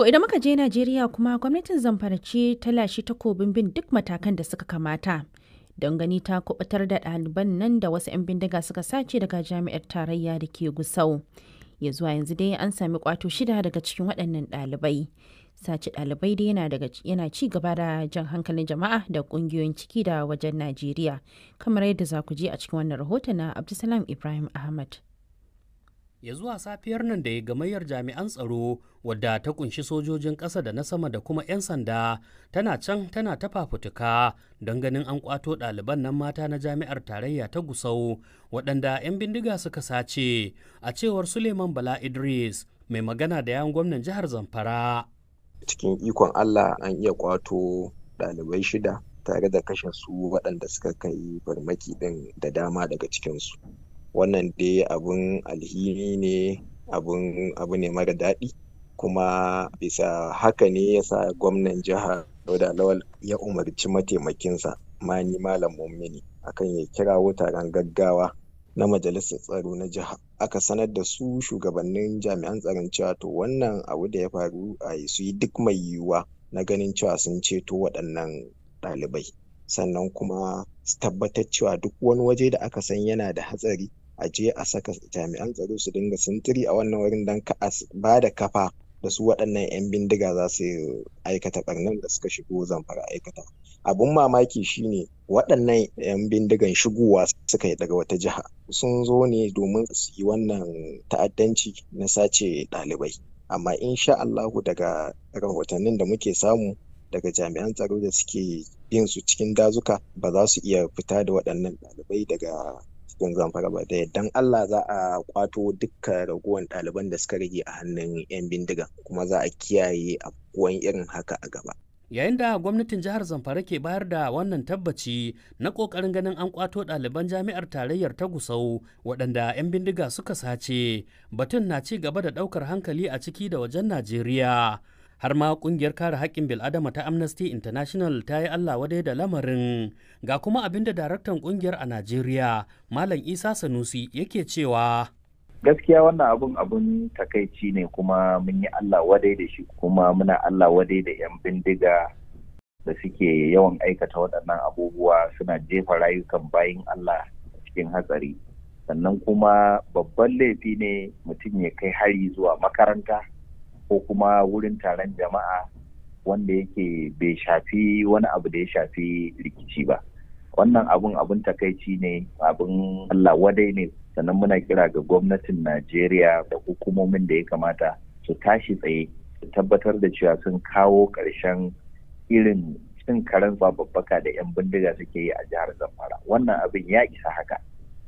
To idan muka je Najeriya kuma gwamnatin Zamfara ce ta lashe takobin bin duk matakan da suka kamata. Don gani ta kubutar da ɗaliban nan da wasu 'yan bindiga suka sace daga jami'ar tarayya da ke Gusau. Ya zuwa yanzu dai an sami kwato shida daga cikin waɗannan ɗalibai. Sace ɗalibai dai yana, yana ci gaba da jan hankalin jama'a da ƙungiyoyin ciki da wajen Najeriya. Kamar yadda za ku je a cikin wannan rahoton na Abdulsalam Ibrahim Ahmad. ya zuwa safiyar nan da ya gamayyar jami'an tsaro wadda ta kunshi sojojin ƙasa da na sama da kuma 'yan sanda tana can tana ta fafutuka don ganin an kwato ɗaliban nan mata na jami'ar tarayya ta gusau waɗanda 'yan bindiga suka sace a cewar suleiman bala idris mai magana da yawon gwamnan jihar zamfara cikin ikon allah an iya kwato ɗalibai shida tare da kashe su waɗanda suka kai farmaki ɗin da dama daga cikinsu wannan dai abun alhini ne abun abu ne mara daɗi kuma bisa haka ne ya sa gwamnan jihar Dauda Lawal ya umarci mataimakinsa Mani Malam Mummini akan ya kira taron gaggawa na majalisar tsaro na jiha aka sanar da su shugabannin jami'an tsaron cewa to wannan abu da ya faru a su yi duk mai yiwuwa na ganin cewa sun ceto waɗannan ɗalibai sannan kuma su tabbatar cewa duk wani waje da aka san yana da hatsari a je a saka jami'an tsaro su dinga sintiri a wannan wurin don ka ba da kafa da su waɗannan 'yan bindiga za su aikata ɓarnan da suka shigo zamfara aikata abun mamaki shine waɗannan 'yan bindigan shigowa suka yi daga wata jiha sun zo ne domin su yi wannan ta'addanci na sace ɗalibai amma insha Allahu daga rahotannin da muke samu daga jami'an tsaro da suke yin su cikin dazuka ba za su iya fita da waɗannan ɗalibai daga cikin zamfara da Allah za a kwato dukkan raguwan ɗaliban da suka rage a hannun 'yan bindiga kuma za a kiyaye afkuwan irin haka a gaba. Yayin da gwamnatin jihar Zamfara ke bayar da wannan tabbaci na ƙoƙarin ganin an kwato ɗaliban jami'ar tarayyar ta Gusau waɗanda 'yan bindiga suka sace, batun na ci gaba da ɗaukar hankali a ciki da wajen Najeriya. har ma kungiyar kare haƙƙin bil'adama ta amnesty international ta yi allah wadai da lamarin ga kuma abin da daraktan kungiyar a najeriya malam isa sanusi yake cewa gaskiya wannan abun abun takaici ne kuma mun yi allah wadai da shi kuma muna allah wadai da 'yan bindiga da suke yawan aikata waɗannan abubuwa suna jefa rayukan bayan allah cikin hatsari sannan kuma babban laifi ne mutum ya kai hari zuwa makaranta ko kuma wurin taron jama'a wanda yake bai shafi wani abu da ya shafi rikici ba wannan abun abun takaici ne abun Allah wadai ne sannan muna kira ga gwamnatin Najeriya da hukumomin da ya kamata su tashi tsaye su tabbatar da cewa sun kawo ƙarshen irin cin karen babbaka da 'yan bindiga suke yi a jihar Zamfara wannan abin ya isa haka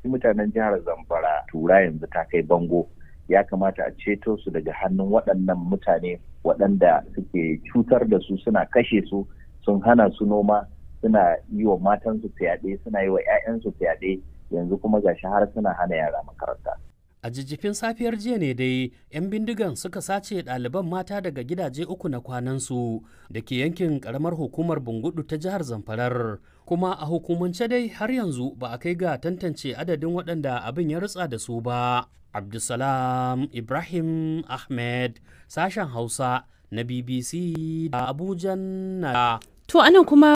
mutanen jihar Zamfara tura yanzu ta kai bango ya kamata a ceto su daga hannun waɗannan mutane waɗanda suke cutar da su suna kashe su sun hana su noma suna yi wa matansu fyaɗe suna yi wa 'ya'yansu fyaɗe yanzu kuma gashi har suna hana yara makaranta A jijjifin safiyar jiya ne dai 'yan bindigan suka sace ɗaliban mata daga gidaje uku na kwanansu da ke yankin ƙaramar hukumar Bungudu ta jihar Zamfarar. Kuma a hukumance dai har yanzu ba a kai ga tantance adadin waɗanda abin ya rutsa da su ba. Abdulsalam Ibrahim Ahmed sashen Hausa na BBC da Abuja na. To anan kuma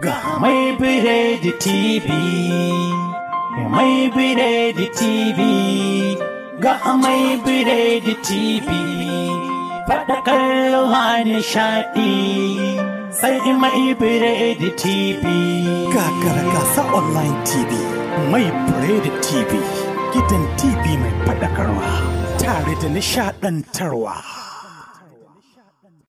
ga mai da TV. Mai Biredi TV ga Mai Biredi TV faɗakar ruwa nishaɗi sai Mai Biredi TV. Kakar gasa online TV Mai Biredi TV gidan TV mai faɗakarwa tare da nishaɗantarwa.